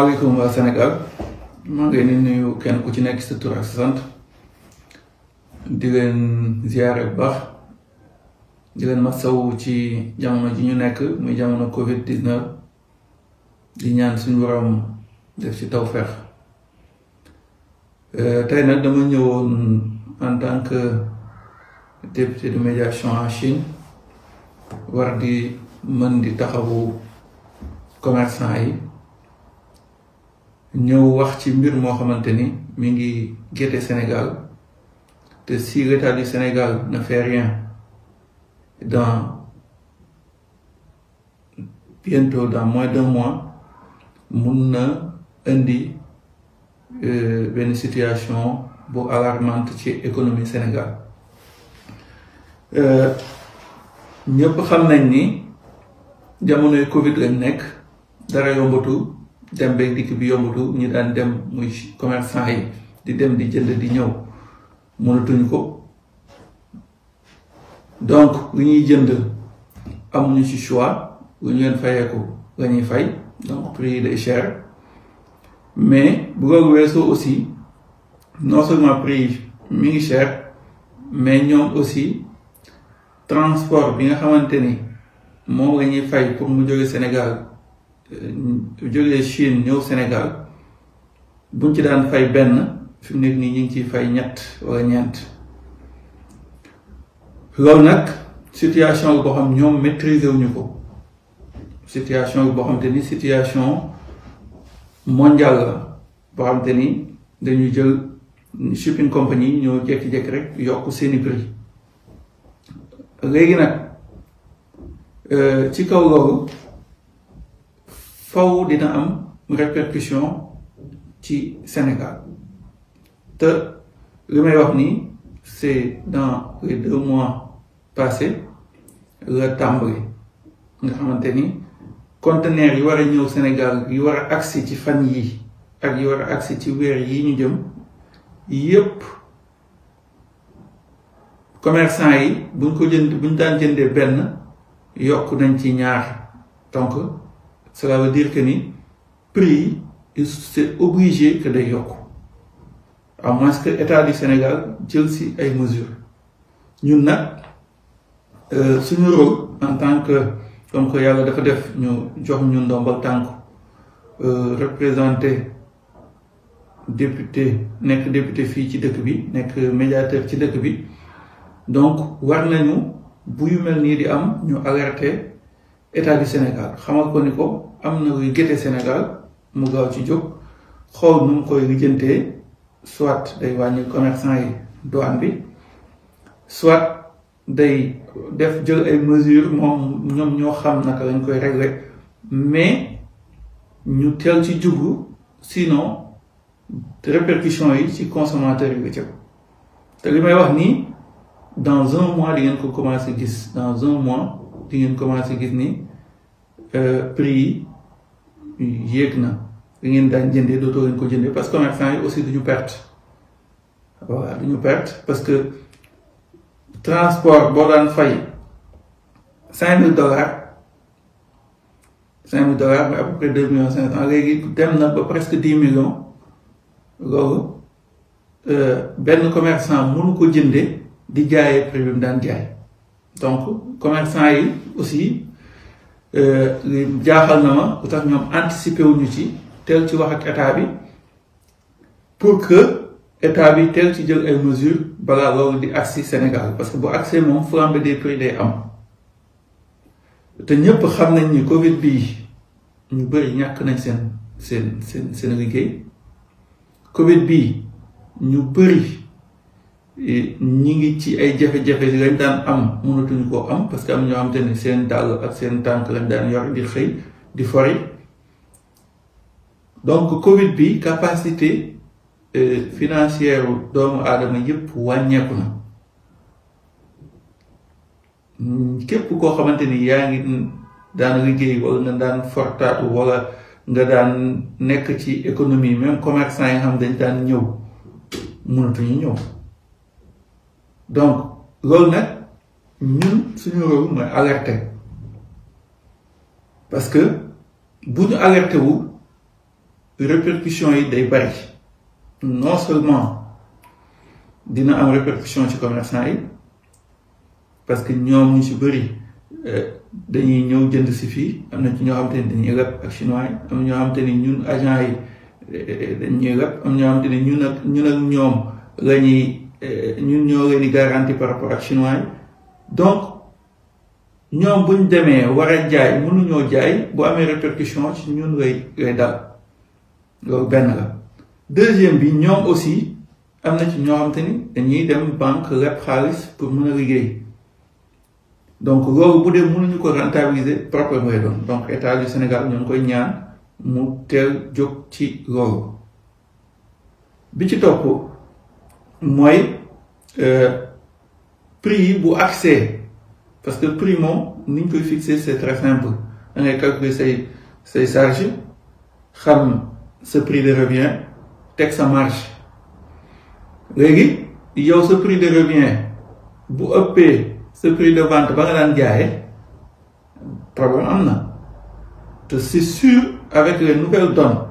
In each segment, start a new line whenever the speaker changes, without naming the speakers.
asalaamaaleykum waa Sénégal maa ngi leen nuyu kenn ku ci nekk sa tur ak di leen ziare bu baax di leen ma masawu ci jamono ji ñu nekk muy jamono Covid 19 di ñaan suñu borom def ci tawfeex euh, tey nag dama ñëwoon en tant que député de médiation en Chine war di mën di taxawu commercant yi. ñëw wax ci mbir moo xamante ni mu ngi guette Sénégal te si l'État du Sénégal ne fait rien dans bientôt dans moins d'un mois mun na indi euh, benn situation bu alarmante ci économie Sénégal euh, ñëpp xam nañ ni jamonoy Covid lañ nekk dara yombatu dem beeg dikk bi yombatu ñu daan dem muy commerçant yi di dem di jënd di ñëw mënatuñ ko donc lu ñuy jënd amuñu ci choix bu ñu leen fayeeku la ñuy fay donc prix yi day cher mais bu ko weesoo aussi non seulement prix yi ngi cher mais ñoom aussi transport bi nga xamante ni moom la ñuy fay pour mu jóge Sénégal. jógee Chine ñëw Sénégal buñ ci daan fay benn fi mu nii ñu ngi ciy fay ñett wala ñeent loolu nag situation bi boo xam ñoom maîtriser ko situation bi boo xam ni situation mondial la boo xam ni dañuy jël shipping company ñoo jékki-jékki rek yokk seeni prix léegi nag euh, ci kaw loolu faw dina am répercussion ci Sénégal te li may wax nii c'est dans les deux mois passés la tàmbali nga xamante ni conteneur yi war a ñëw Sénégal yi war a agsi ci fan yi ak yi war a agsi ci wér yi ñu jëm yépp commerçant yi buñ ko jënd buñ daan jëndee benn yokk nañ ci ñaar tonk cela veut dire que ni prix yi c'est obligé que day yokk à que état du Sénégal jël si ay mesures ñun nag euh, suñu rôle en tant que comme que yàlla dafa def ñu jox ñu ndombal tànk euh, représenté député nekk député fii ci dëkk bi nekk médiateur ci dëkk bi donc war nañu bu mel nii di am ñu alerter état du Sénégal xamal ko ni ko am na luy géte Sénégal mu gaaw ci jóg xool mu koy lijjantee soit day wàññi commerçant yi douane bi soit day def jël ay mesure moom ñoom ñoo xam naka lañ koy régler mais ñu teel ci jublu sinon répercussions yi ci consommateur yi la te li may wax nii dans un mois di ngeen ko commencé gis dans un mois. di ngeen commencé gis ni euh, prix yi yéeg na li ngeen daan jëndee dootoo leen ko jëndee parce que commerçant yi aussi duñu perte voilà duñu perte parce que transport boo daan fay cinq mille dollars cinq mille dollars mais à deux millions léegi dem na ba presque dix millions loolu euh, benn commerçant mënu ko jëndee di jaayee prix bi mu daan jaay donc commerçant yi aussi euh, jaaxal na ma lu tax ñoom anticiper wuñu ci teel ci wax ak état bi pour que état bi teel ci jël ay mesures balaa loolu di agsi Sénégal parce que bu agsee moom flambée des prix day am te ñépp xam nañ ni Covid bii ñu bëri ñàkk nañ seen seen seen seen liggéey Covid bii ñu bëri. ñi ngi ci ay jafe-jafe lañ daan am mënatuñu koo am parce que am ñoo xam te ne seen dàll ak seen tànk lañ daan yor di xëy di fori donc Covid bi capacité euh, financière doomu aadama yépp wàññeeku na képp koo xamante ni yaa ngi daan liggéey wala nga daan fortaatu wala nga daan nekk ci économie même commerçant yi nga xam dañ daan ñëw mënatuñu ñëw. donc loolu nag ñun suñu rôle mooy alerter parce que bu ñu alerter wu répercussions yi day bari non seulement dina am répercussion ci commerçant yi parce que ñoom ñu ci bëri euh, dañuy ñëw jënd si fii am na ci ñoo xamante ni dañuy ñoo xamante ni ñun agent yi euh, dañuy leb am ñoo xamante ni ñun ak ñun ak ñoom la Euh, ñun ñoo leen di garanti rapport ak chinois donc ñoom buñ ñu demee war jaay mënuñoo jaay bu amee répercussion ci ñun lay lay dal loolu benn la deuxième bi ñoom aussi am na ci ñoo xam te ni dañuy dem banque leb xaalis pour mën a liggéey donc loolu bu dee mënuñu ko rentabiliser problème lay doon donc état du Sénégal ñoo koy ñaan mu teel jóg ci loolu bi ci topp. mooy euh, prix yi bu accès parce que prix moom ni ñu koy fixer c'est très simple da ngay calculer say say charge xam sa prix de revient teg sa marge léegi yow sa prix de revient bu ëppee sa prix de vente ba nga daan jaayee problème am na te c'est sûr avec les nouvelles données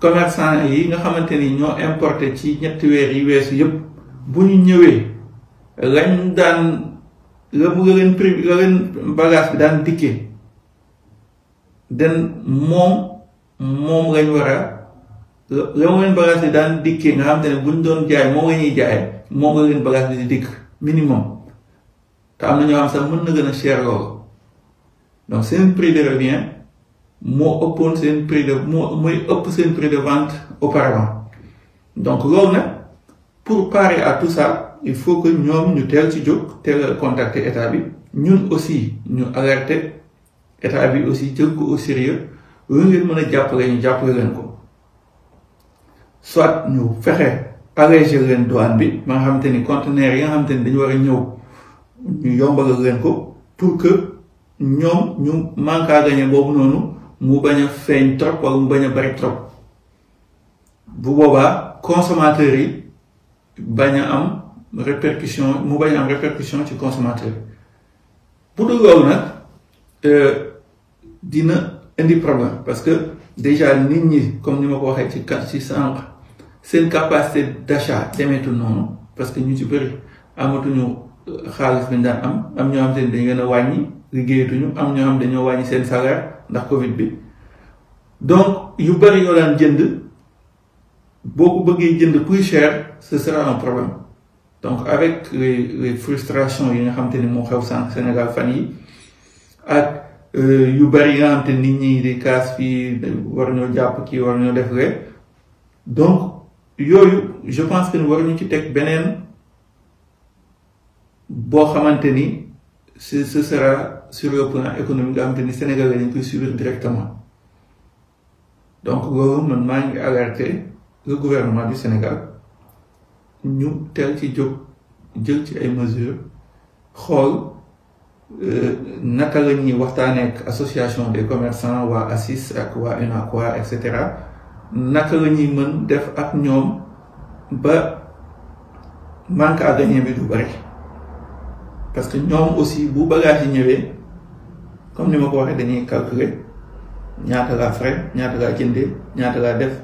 commerçant yi nga xamante ni ñoo importé ci ñetti weer yi weesu yëpp bu ñu ñëwee lañ daan la mu leen prix la leen bagage bi daan dikkee den moom moom lañ war a la mu leen bagage bi daan dikkee nga xamante ne buñ doon jaay moom la ñuy jaay moom la leen bagage bi di dikk minimum te am na ñoo xam sax mën na gën a cher loolu donc seen prix de revient moo ëppoon seen prix de moo mooy ëpp seen prix de vente auparavant donc loolu nag pour parer à tout ça il faut que ñoom ñu teel ci jóg teel a contacter état bi ñun aussi ñu alerter état bi aussi jël ko au sérieux lu ngeen mën a jàppale ñu jàppale leen ko soit ñu fexe alléger leen douane bi ma nga xamante ni conteneurs yi nga xamante dañu war a ñëw ñu yombalal leen ko pour que ñoom ñu manque à gagner boobu noonu. mu bañ a feeñ trop wala mu bañ a bari trop bu boobaa consommateur yi bañ a am répercussion mu bañ a am répercussion ci consommateur yi bu dul loolu nag euh, dina indi problème parce que déjà nit ñi comme ni ma ko waxee ci kat ci sànq seen capacité d'achat demeetul noonu parce que ñu si bëri amatuñu euh, xaalis bi ñu daan am am ñoo xam te ne dañ gën a wàññi liggéeyatuñu am ñoo xam dañoo wàññi seen salaire ndax Covid bi donc yu bëri yoo daan jënd boo ko bëggee jënd plus cher ce sera un problème donc avec les yi nga xam ni moo xew sànq Sénégal fan yi ak euh, yu bëri yi nga xam te nit ñi di kaas fii war ñoo jàpp kii war ñoo def rek donc yooyu je pense que ni war ñu ci teg beneen boo xamante ni ce ce sera. sur le plan économique nga xam te ni sénégalais dañ koy subir directement donc loolu man maa ngi alerter le gouvernement du Sénégal ñu teel ci jóg jël ci ay mesures xool euh, naka la ñuy waxtaanee association des commerçants waa ACIS ak waa UNACOIS et cetera naka la ñuy mën def ak ñoom ba manque à gagner bi du bari parce que ñoom aussi bu bagage yi ñëwee. comme ni ma ko waxee dañuy calculer ñaata laa frais ñaata laa jëndee ñaata laa def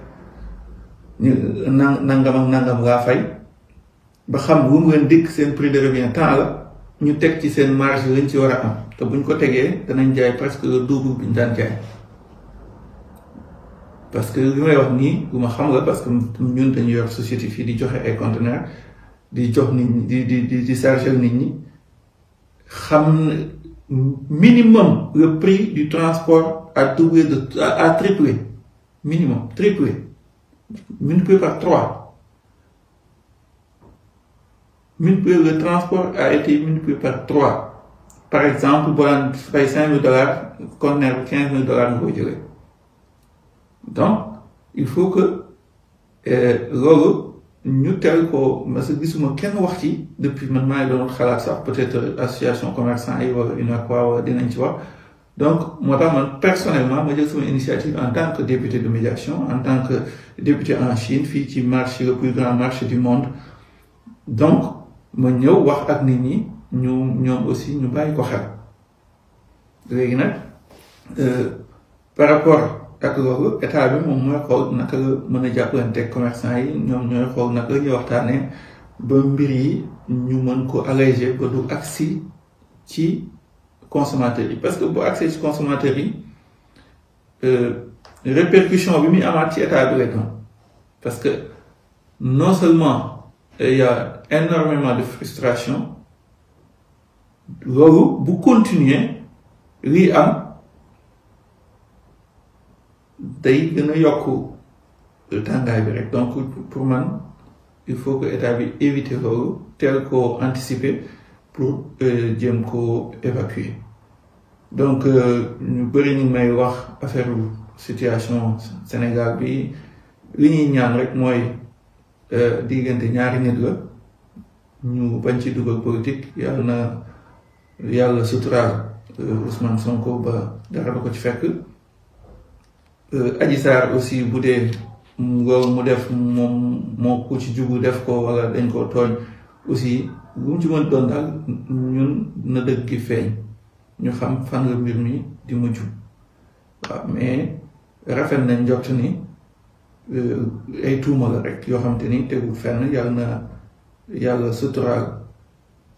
ñu nangam ak nangam laa fay ba xam lu mu leen dikk seen prix de revient temps la ñu teg ci seen marge lañ ci war a am te buñ ko tegee danañ jaay presque le double ñu daan jaay parce que li may wax nii lu ma xam la parce que ñun dañu yor société fii di joxe ay conteneur di jox nit ñi di di di di nit ñi xam. minimum le prix du transport a doublé, de, a, a triplé. Minimum, triplé. Multiplié par 3. Multiplié, le transport a été multiplié par 3. Par exemple, boo daan fay 5000 dollars conteneur bi 15000 dollars nga koy jëlee donc il faut que euh, loolu. ñu teel ko parce que gisuma kenn wax ci depuis man maa ngi doon xalaat sax peut-être association commerçant yi wala une quoi dinañ ci wax donc moo tax man personnellement ma jël sama initiative en tant que député de médiation en tant que député en Chine fii ci marché le plus grand marché du monde donc ma ñëw wax ak nit ñi ñu ñoom aussi ñu bàyyi ko xel léegi nag euh, par rapport takk googu état bi moom mooy xool naka la mën a jàppalante commerçant yi ñoom ñooy xool naka ñu waxtaanee ba mbir yi ñu mën ko alléger ba du agsi ci consommateur yi parce que bu agsee ci consommateur yi euh, répercussion bi muy amaat ci état bi rek parce que non seulement euh, il énormément de frustration loolu bu continuer lii am tey gën a yokk tàngaay bi rek donc pour man il faut que état bi éviter loolu teel koo anticiper pour euh, jéem ko évacuer donc euh, ñu bëri ñu may wax affaire situation Sénégal bi li ñuy ñaan rek mooy euh, diggante ñaari nit la ñu bañ ci dugal politique yàlla na yàlla suturaal Ousmane Sonko ba dara du ko ci fekk. Euh, Adji aussi bu dee nga mu def moom moo ko ci jugu def ko wala dañ koo tooñ aussi bu mu ci mën doon daal ñun na dëgg ki feeñ ñu xam fan la mbir mi di mujj waaw mais rafet nañ njort ni euh, ay tuuma rek yoo xam ni tegul fenn yàlla na yàlla suturaal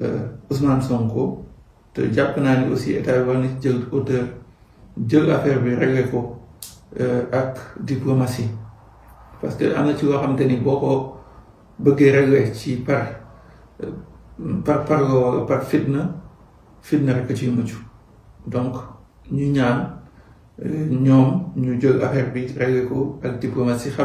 euh, Ousmane Sonko te jàpp naa ni aussi état bi war na jël auteur jël affaire bi réglé ko Euh, ak diplomatie parce que am na ci loo xamante ni boo ko bëggee régler ci par euh, par parlo wala par fitna fitna rek ciy mucc donc ñu ñaan euh, ñoom ñu jël affaire bi régler ko ak diplomatie.